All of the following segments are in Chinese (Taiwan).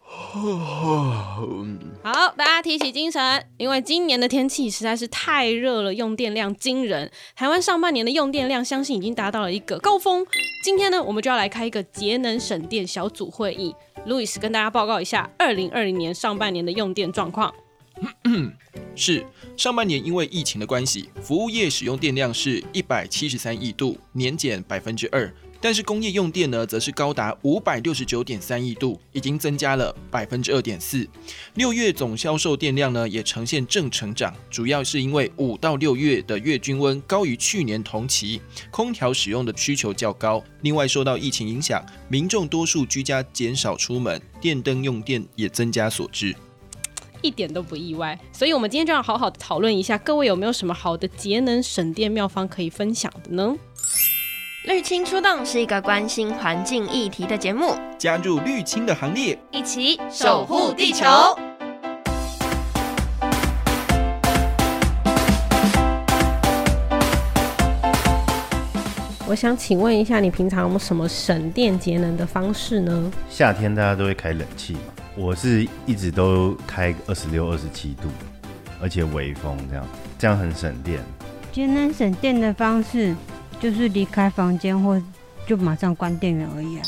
好，大家提起精神，因為今年的天氣實在是太熱了，用電量驚人。台灣上半年的用電量相信已經達到了一個高峰。今天呢，我們就要來開一個節能省電小組會議。Louis 跟大家報告一下，二零二零年上半年的用電狀況。是，上半年因為疫情的關係，服務業使用電量是一百七十三億度，年減百分之二。但是工業用電呢，則是高達五百六十九點三億度，已經增加了百分之二點四。六月總銷售電量呢，也呈現正成長，主要是因為五到六月的月均溫高於去年同期，空調使用的需求較高。另外，受到疫情影響，民眾多數居家減少出門，電燈用電也增加所致。一點都不意外，所以我們今天就要好好的討論一下，各位有沒有什麼好的節能省電妙方可以分享的呢？綠青出動是一個關心環境議題的節目，加入綠青的行列，一起守護地球。我想請問一下，你平常有沒有什麼省電節能的方式呢？夏天大家都會開冷氣嘛，我是一直都開二十六、二十七度，而且微風這樣，這樣很省電。節能省電的方式。就是離開房間或就馬上關電源而已啊，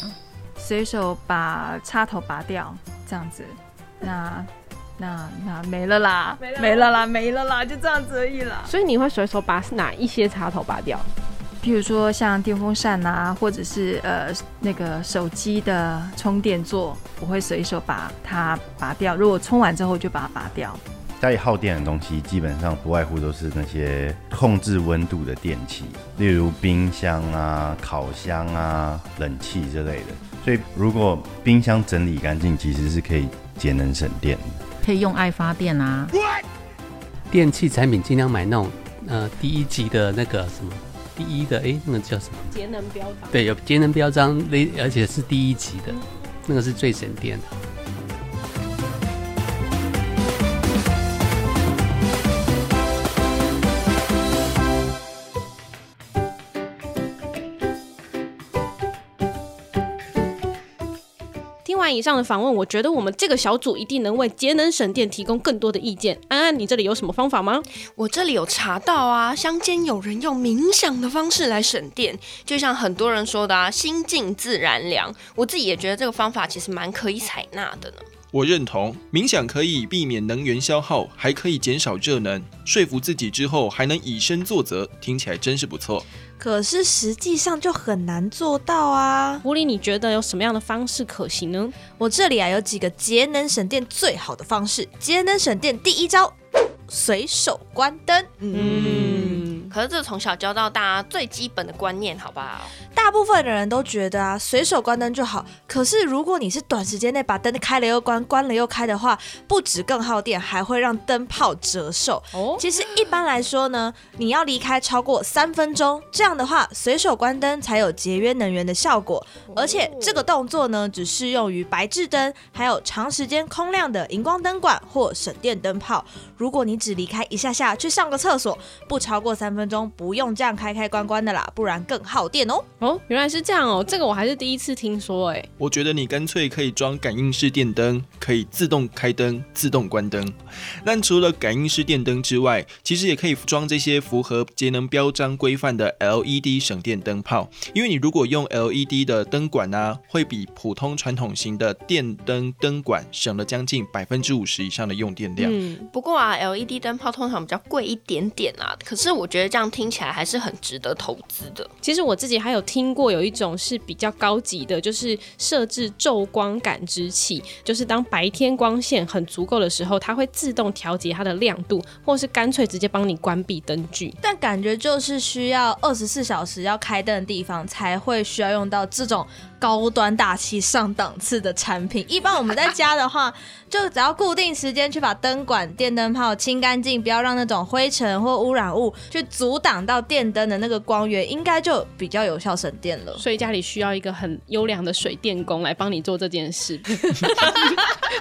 隨手把插頭拔掉，這樣子，那那那沒了啦，沒了沒了啦，沒了啦，就這樣子而已啦。所以你會隨手把哪一些插頭拔掉？比如說像電風扇啊，或者是呃那個手機的充電座，我會隨手把它拔掉。如果充完之後就把它拔掉。家裡耗電的東西基本上不外乎都是那些控制溫度的電器，例如冰箱啊、烤箱啊、冷氣之類的。所以如果冰箱整理乾淨，其實是可以節能省電的。可以用愛發電啊！What? 電器產品盡量買那種呃第一級的那個什麼第一的哎、欸，那個叫什麼？節能標章。對，有節能標章，而且是第一級的，那個是最省電的。以上的訪問，我覺得我們這個小組一定能為節能省電提供更多的意見。安安，你這裡有什麼方法嗎？我這裡有查到啊，鄉間有人用冥想的方式來省電，就像很多人說的啊，心靜自然涼。我自己也覺得這個方法其實蠻可以採納的呢。我認同，冥想可以避免能源消耗，還可以減少熱能。說服自己之後，還能以身作則，聽起來真是不錯。可是實際上就很難做到啊。狐狸，你覺得有什麼樣的方式可行呢？我這裡啊，有幾個節能省電最好的方式。節能省電第一招，隨手關燈。嗯。嗯可是這從小教到大最基本的觀念好不好，好吧？大部分的人都覺得啊，隨手關燈就好。可是如果你是短時間內把燈開了又關，關了又開的話，不止更耗電，還會讓燈泡折壽。哦，其實一般來說呢，你要離開超過三分鐘，這樣的話隨手關燈才有節約能源的效果。而且這個動作呢，只適用於白熾燈，還有長時間空亮的熒光燈管或省電燈泡。如果你只離開一下下去上個廁所，不超過三分。分鐘不用這樣開開關關的啦，不然更耗電哦。哦，原來是這樣哦，這個我還是第一次聽說欸。我覺得你乾脆可以裝感應式電燈，可以自動開燈、自動關燈。那除了感應式電燈之外，其實也可以裝這些符合節能標章規範的 LED 省電燈泡。因為你如果用 LED 的燈管呢，會比普通傳統型的電燈燈管省了將近百分之五十以上的用電量。嗯。不過啊，LED 燈泡通常比較貴一點點啊，可是我覺得。這樣聽起來還是很值得投資的。其實我自己還有聽過有一種是比較高級的，就是設置晝光感知器，就是當白天光線很足夠的時候，它會自動調節它的亮度，或是乾脆直接幫你關閉燈具。但感覺就是需要二十四小時要開燈的地方才會需要用到這種。高端大氣上檔次的產品，一般我們在家的話，就只要固定時間去把燈管、電燈泡清乾淨，不要讓那種灰塵或污染物去阻擋到電燈的那個光源，應該就比較有效省電了。所以家裡需要一個很優良的水電工來幫你做這件事，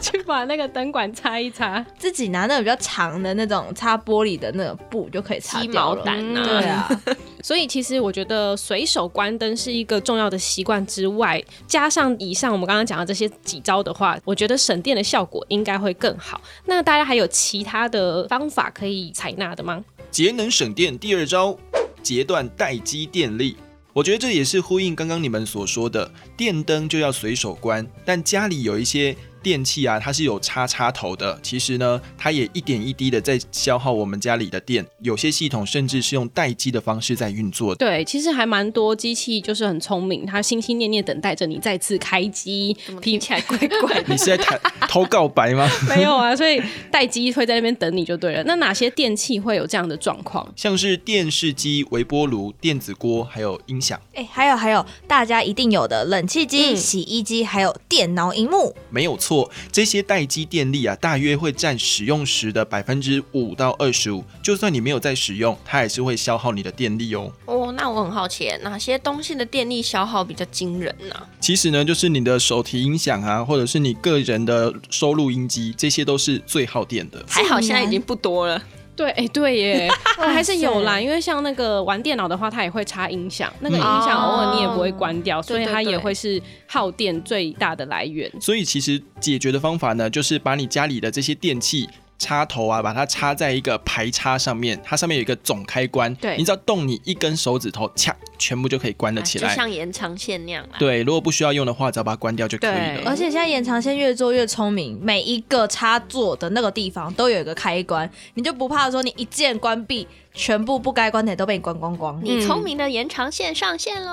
去把那個燈管擦一擦，自己拿那個比較長的那種擦玻璃的那個布就可以擦掉了。雞毛撢啊。對啊， 所以其實我覺得隨手關燈是一個重要的習慣之外。加上以上我們剛剛講的這些幾招的話，我覺得省電的效果應該會更好。那大家還有其他的方法可以採納的嗎？節能省電第二招，截斷待機電力。我覺得這也是呼應剛剛你們所說的，電燈就要隨手關，但家裡有一些。電器啊，它是有插插頭的。其實呢，它也一點一滴的在消耗我們家裡的電。有些系統甚至是用待機的方式在運作的。對，其實還蠻多機器就是很聰明，它心心念念等待着你再次開機。聽、嗯、起來怪怪的。你是在投偷告白嗎？ 沒有啊，所以待機會在那邊等你就對了。那哪些電器會有這樣的狀況？像是電視機、微波爐、電子鍋，還有音響。哎，還有還有，大家一定有的冷氣機、嗯、洗衣機，還有電腦熒幕。沒有錯。錯，這些待機電力啊，大約會占使用時的百分之五到二十五。就算你沒有在使用，它也是會消耗你的電力哦。哦，那我很好奇，哪些東西的電力消耗比較驚人呢，啊？其實呢，就是你的手提音響啊，或者是你個人的收錄音機，這些都是最耗電的。還好現在已經不多了。對，哎，對耶，還是有啦。 哇塞。因為像那個玩電腦的話，它也會插音響，那個音響偶爾你也不會關掉，嗯、所以它也會是耗電最大的來源。哦、對對對。所以其實解決的方法呢，就是把你家裡的這些電器插頭啊，把它插在一個排插上面，它上面有一個總開關，對，你只要動你一根手指頭，掐。全部就可以關得起來，哎、就像延長線那樣。對，如果不需要用的話，只要把它關掉就可以了。對而且現在延長線越做越聰明，每一個插座的那個地方都有一個開關，你就不怕說你一鍵關閉，全部不該關的都被你關光光。嗯、你聰明的延長線上線嘍！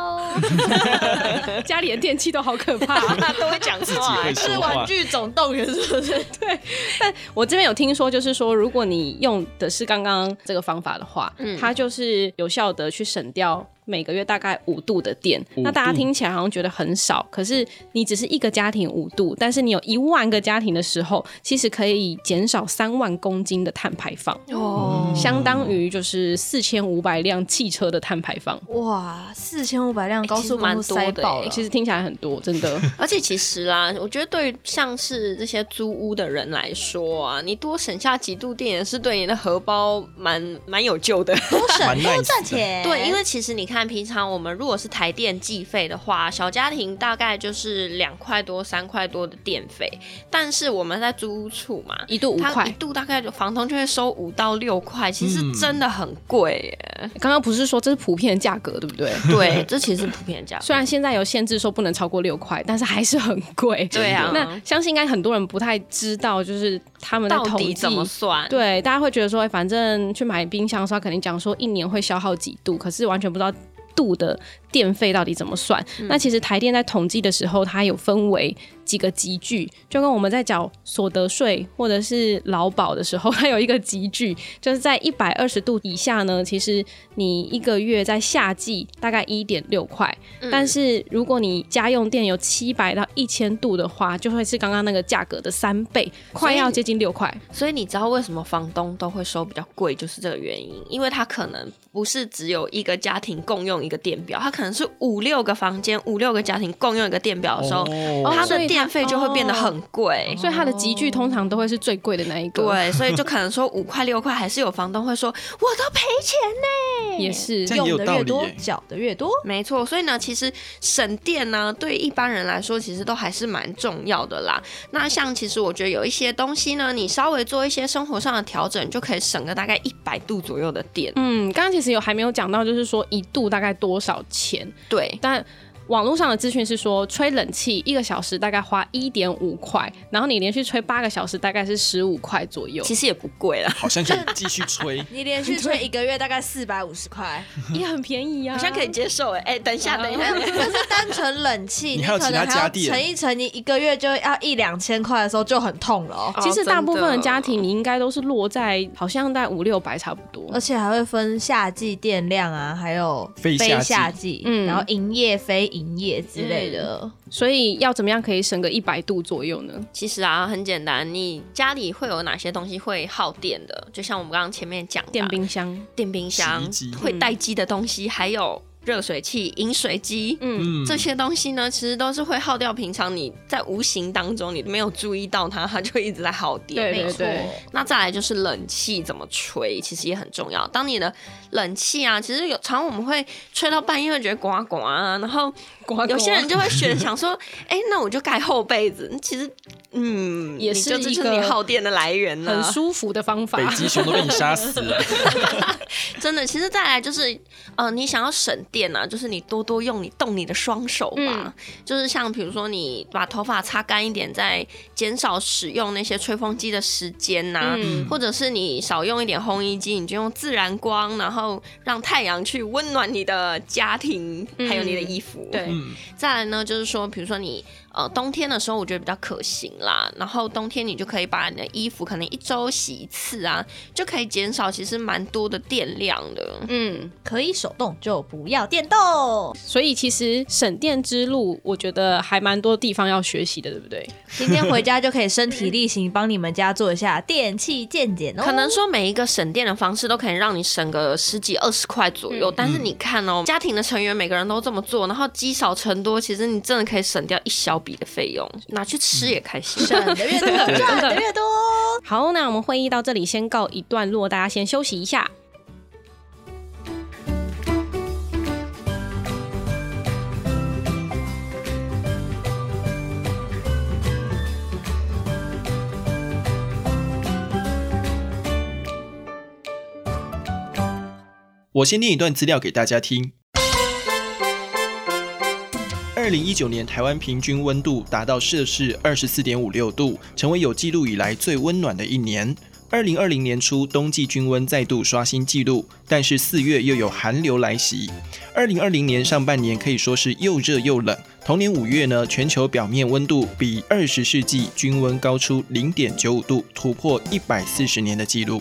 家裡的電器都好可怕， 都會講話、、欸、話，是玩具總動員是不是？對。但我這邊有聽說，就是說，如果你用的是剛剛這個方法的話，嗯、它就是有效的去省掉。每個月大概五度的電，五度？那大家聽起來好像覺得很少，可是你只是一個家庭五度，但是你有一萬個家庭的時候，其實可以減少三萬公斤的碳排放，哦，相當於就是四千五百輛汽車的碳排放。哇，四千五百輛高速蠻多的，欸、其實其實聽起來很多，真的。而且其實啦、啊，我覺得對於像是這些租屋的人來說啊，你多省下幾度電，也是對你的荷包蠻蠻有救的，多省多賺錢。 對，因為其實你看。但平常我們如果是台電計費的話，小家庭大概就是兩塊多、三塊多的電費。但是我們在租屋處嘛，一度五塊，一度大概就房東就會收五到六塊，其實真的很貴耶。剛剛、嗯、不是說這是普遍的價格，對不對？對，這其實是普遍的價格。 雖然現在有限制說不能超過六塊，但是還是很貴。真的。對啊，那相信應該很多人不太知道，就是。他們統計到底怎麼算？對，大家會覺得說，欸、反正去買冰箱，他肯定講說一年會消耗幾度，可是完全不知道度的。電費到底怎麼算？嗯、那其實台電在統計的時候，它有分為幾個級距，就跟我們在繳所得稅或者是勞保的時候，它有一個級距，就是在一百二十度以下呢。其實你一個月在夏季大概一點六塊，嗯、但是如果你家用電有七百到一千度的話，就會是剛剛那個價格的三倍，快要接近六塊。所以你知道為什麼房東都會收比較貴，就是這個原因，因為它可能不是只有一個家庭共用一個電表，它可能。是五六個房間，五六個家庭共用一個電表的時候，它、哦、的電費就會變得很貴、哦，所以它的級距通常都會是最貴的那一個。對，所以就可能說五塊六塊，還是有房東會說我都賠錢呢。也是也用的越多，繳的越多，沒錯。所以呢，其實省電呢，對於一般人來說，其實都還是蠻重要的啦。那像其實我覺得有一些東西呢，你稍微做一些生活上的調整，就可以省個大概一百度左右的電。嗯，剛剛其實有還沒有講到，就是說一度大概多少錢？對，但。網絡上的資訊是說，吹冷氣一個小時大概花一點五塊，然後你連續吹八個小時大概是十五塊左右，其實也不貴啦。好像就繼續吹，你連續吹一個月大概四百五十塊， 也很便宜啊。好像可以接受誒，哎、欸，等一下， 等一下，就 是單純冷氣， 你可能還有其他家電乘一乘，你一個月就要一兩千塊的時候就很痛了。哦、其實大部分的家庭你應該都是落在好像在五六百差不多，而且還會分夏季電量啊，還有非夏季，嗯，然後營業非。營業之類的，所以要怎麼樣可以省個一百度左右呢？其實啊，很簡單，你家裡會有哪些東西會耗電的？就像我們剛剛前面講的，電冰箱、電冰箱會待機的東西，還有。熱水器、飲水機，嗯，這些東西呢，其實都是會耗掉。平常你在無形當中，你沒有注意到它，它就一直在耗電。對對對。沒錯。那再來就是冷氣怎麼吹，其實也很重要。當你的冷氣啊，其實有，常常我們會吹到半夜，會覺得呱呱啊，然後有些人就會選刮刮、啊、想說，哎、欸，那我就蓋厚被子。其實。嗯，也是一個耗電的來源，呢，很舒服的方法。嗯，就就啊、北極熊都被你殺死了， 真的。其實再來就是，呃，你想要省電呢、啊，就是你多多用你動你的雙手嘛。嗯、就是像比如說，你把頭髮擦乾一點，再減少使用那些吹風機的時間吶、啊，嗯、或者是你少用一點烘衣機，你就用自然光，然後讓太陽去溫暖你的家庭，嗯、還有你的衣服。對，再來呢，就是說，比如說你。呃，冬天的時候我覺得比較可行啦。然後冬天你就可以把你的衣服可能一周洗一次啊，就可以減少其實蠻多的電量的。嗯，可以手動就不要電動。所以其實省電之路，我覺得還蠻多地方要學習的，對不對？今天回家就可以身體力行，幫你們家做一下電器健檢哦。 可能說每一個省電的方式都可以讓你省個十幾二十塊左右，嗯嗯但是你看哦，家庭的成員每個人都這麼做，然後積少成多，其實你真的可以省掉一小筆的費用拿去吃也開心，賺的越多賺的越多。好，那我們會議到這裡先告一段落，大家先休息一下。我先念一段資料給大家聽。二零一九年台灣平均溫度達到攝氏二十四點五六度，成為有記錄以來最溫暖的一年。二零二零年初冬季均溫再度刷新紀錄，但是四月又有寒流來襲。二零二零年上半年可以說是又熱又冷。同年五月呢，全球表面溫度比二十世紀均溫高出零點九五度，突破一百四十年的紀錄。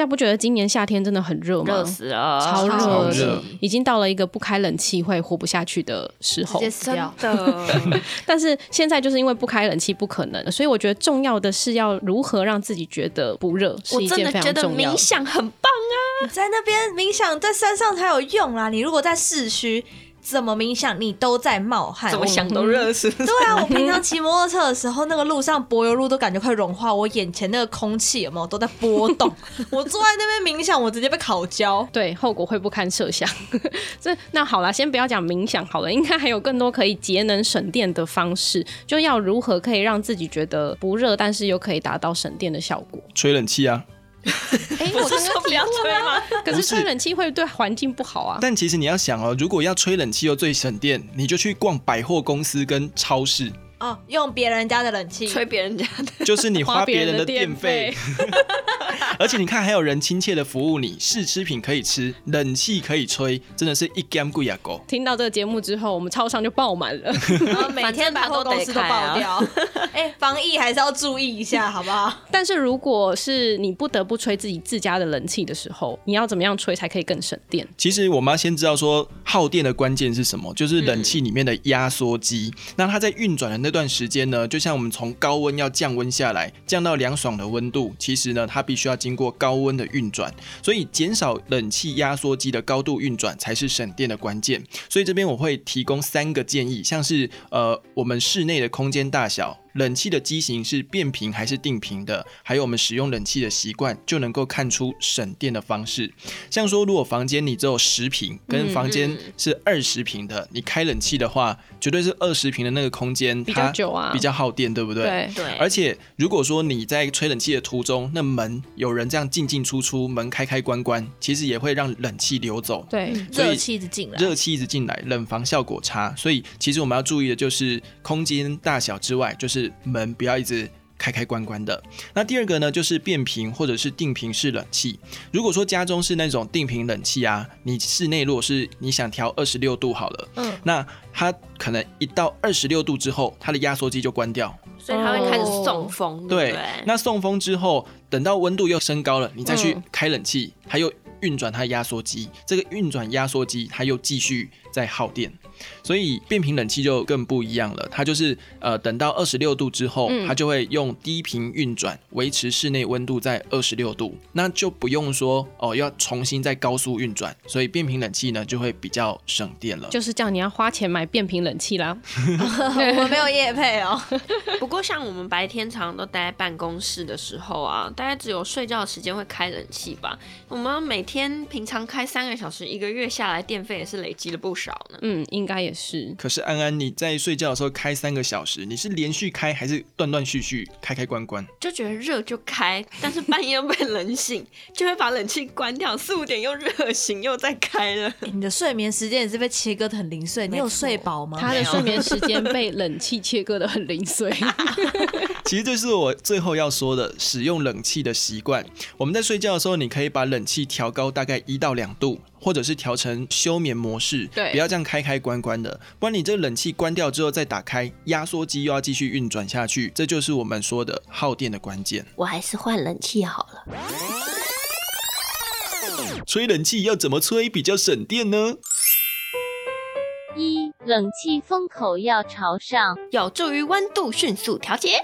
大家不覺得今年夏天真的很熱嗎？熱死了，超熱熱，超熱已經到了一個不開冷氣會活不下去的時候， 真的。 但是現在就是因為不開冷氣不可能，所以我覺得重要的是要如何讓自己覺得不熱，是一件非常重要的，我真的覺得冥想很棒啊！你在那邊冥想，在山上才有用啊！你如果在市區。怎麼冥想你都在冒汗，嗯、哼怎麼想都熱是不是、嗯、哼對啊，我平常騎摩托車的時候，那個路上柏油路都感覺快融化，我眼前那個空氣啊有沒有，都在波動。 我坐在那邊冥想，我直接被烤焦，對，後果會不堪設想。 所以那好了，先不要講冥想好了，應該還有更多可以節能省電的方式，就要如何可以讓自己覺得不熱，但是又可以達到省電的效果，吹冷氣啊？哎、 欸，我是說不要吹嗎？是可是吹冷氣會對環境不好啊不。但其實你要想哦，如果要吹冷氣又最省電，你就去逛百貨公司跟超市。哦，用別人家的冷氣吹別人家的，就是你花別人的電費。電 而且你看，還有人親切的服務你，試吃品可以吃，冷氣可以吹，真的是一竿不牙溝。聽到這個節目之後，我們超商就爆滿了，然後、 哦、每天百貨公司都爆掉。哎、 欸，防疫還是要注意一下，好不好？但是如果是你不得不吹自己自家的冷氣的時候，你要怎麼樣吹才可以更省電？其實我們要先知道說耗電的關鍵是什麼，就是冷氣裡面的壓縮機，嗯、那它在運轉的那個。這段時間呢，就像我們從高溫要降溫下來，降到涼爽的溫度，其實呢，它必須要經過高溫的運轉，所以減少冷氣壓縮機的高度運轉才是省電的關鍵。所以這邊我會提供三個建議，像是呃，我們室內的空間大小。冷氣的機型是變頻還是定頻的，還有我們使用冷氣的習慣，就能夠看出省電的方式。像說，如果房間你只有十坪，跟房間是二十坪的，你開冷氣的話，絕對是二十坪的那個空間比較久啊，比較耗電，對不對？對對。而且如果說你在吹冷氣的途中，那門有人這樣進進出出，門開開關關，其實也會讓冷氣流走。對，熱氣一直進來，熱氣一直進來，冷房效果差。所以其實我們要注意的就是空間大小之外，就是。門不要一直開開關關的。那第二個呢，就是變頻或者是定頻式冷氣。如果說家中是那種定頻冷氣啊，你室內如果是你想調二十六度好了，嗯，那它可能一到二十六度之後，它的壓縮機就關掉，所以它會開始送風。哦、對，那送風之後，等到溫度又升高了，你再去開冷氣，嗯、還有運轉它的壓縮機，這個運轉壓縮機它又繼續在耗電，所以變頻冷氣就更不一樣了。它就是呃，等到二十六度之後，嗯、它就會用低頻運轉維持室內溫度在二十六度，那就不用說哦，呃、要重新再高速運轉。所以變頻冷氣呢就會比較省電了。就是叫你要花錢買變頻冷氣啦。我沒有業配哦。不過像我們白天常都待在辦公室的時候啊，大家只有睡覺的時間會開冷氣吧。我們要每天天，平常開三個小時，一個月下來電費也是累積了不少呢。嗯，應該也是。可是安安，你在睡覺的時候開三個小時，你是連續開還是斷斷續續開開關關？就覺得熱就開，但是半夜又被冷醒， 就會把冷氣關掉，四五點又熱醒又再開了。欸，你的睡眠時間也是被切割得很零碎，你有睡飽嗎？他錯的睡眠時間被冷氣切割得很零碎。 其實這是我最後要說的，使用冷氣的習慣。我們在睡覺的時候，你可以把冷氣調高大概一到兩度，或者是調成休眠模式。對，不要這樣開開關關的，不然你這冷氣關掉之後再打開，壓縮機又要繼續運轉下去。這就是我們說的耗電的關鍵。我還是換冷氣好了。吹冷氣要怎麼吹比較省電呢？一，冷氣風口要朝上，有助於溫度迅速調節。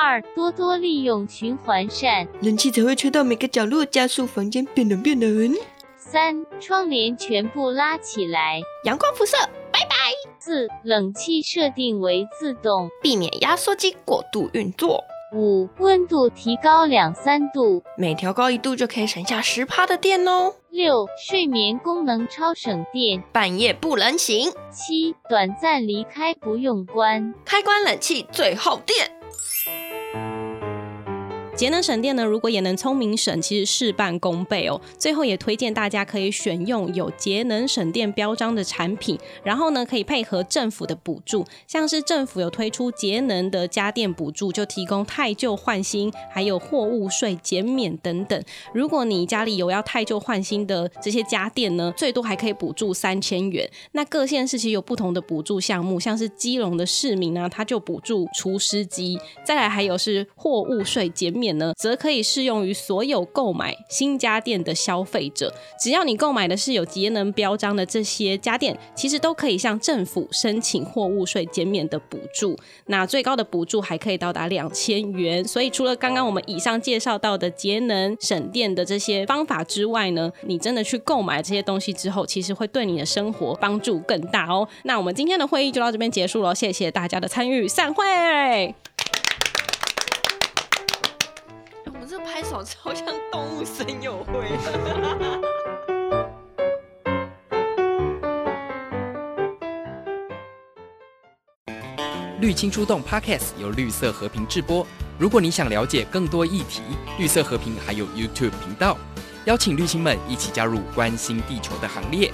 二、多多利用循環扇，冷氣才會吹到每個角落，加速房間變冷變冷。三、窗簾全部拉起來，陽光輻射，拜拜。四、冷氣設定為自動，避免壓縮機過度運作。五、溫度提高兩三度，每調高一度就可以省下十趴的電哦。六、睡眠功能超省電，半夜不冷醒。七、短暫離開不用關，開關冷氣最耗電。節能省電呢，如果也能聰明省，其實事半功倍哦。最後也推薦大家可以選用有節能省電標章的產品，然後呢，可以配合政府的補助，像是政府有推出節能的家電補助，就提供汰舊換新，還有貨物稅減免等等。如果你家裡有要汰舊換新的這些家電呢，最多還可以補助三千元。那各縣市其實有不同的補助項目，像是基隆的市民呢、啊，他就補助除濕機，再來還有是貨物稅減免。則可以適用於所有購買新家電的消費者。只要你購買的是有節能標章的這些家電，其實都可以向政府申請貨物稅減免的補助。那最高的補助還可以到達兩千元。所以除了剛剛我們以上介紹到的節能省電的這些方法之外呢，你真的去購買這些東西之後，其實會對你的生活幫助更大哦。那我們今天的會議就到這邊結束了，謝謝大家的參與，散會。這超像動物森友會。綠青出動，Podcast 由綠色和平直播。如果你想了解更多議題，綠色和平還有 YouTube 頻道，邀請綠青們一起加入關心地球的行列。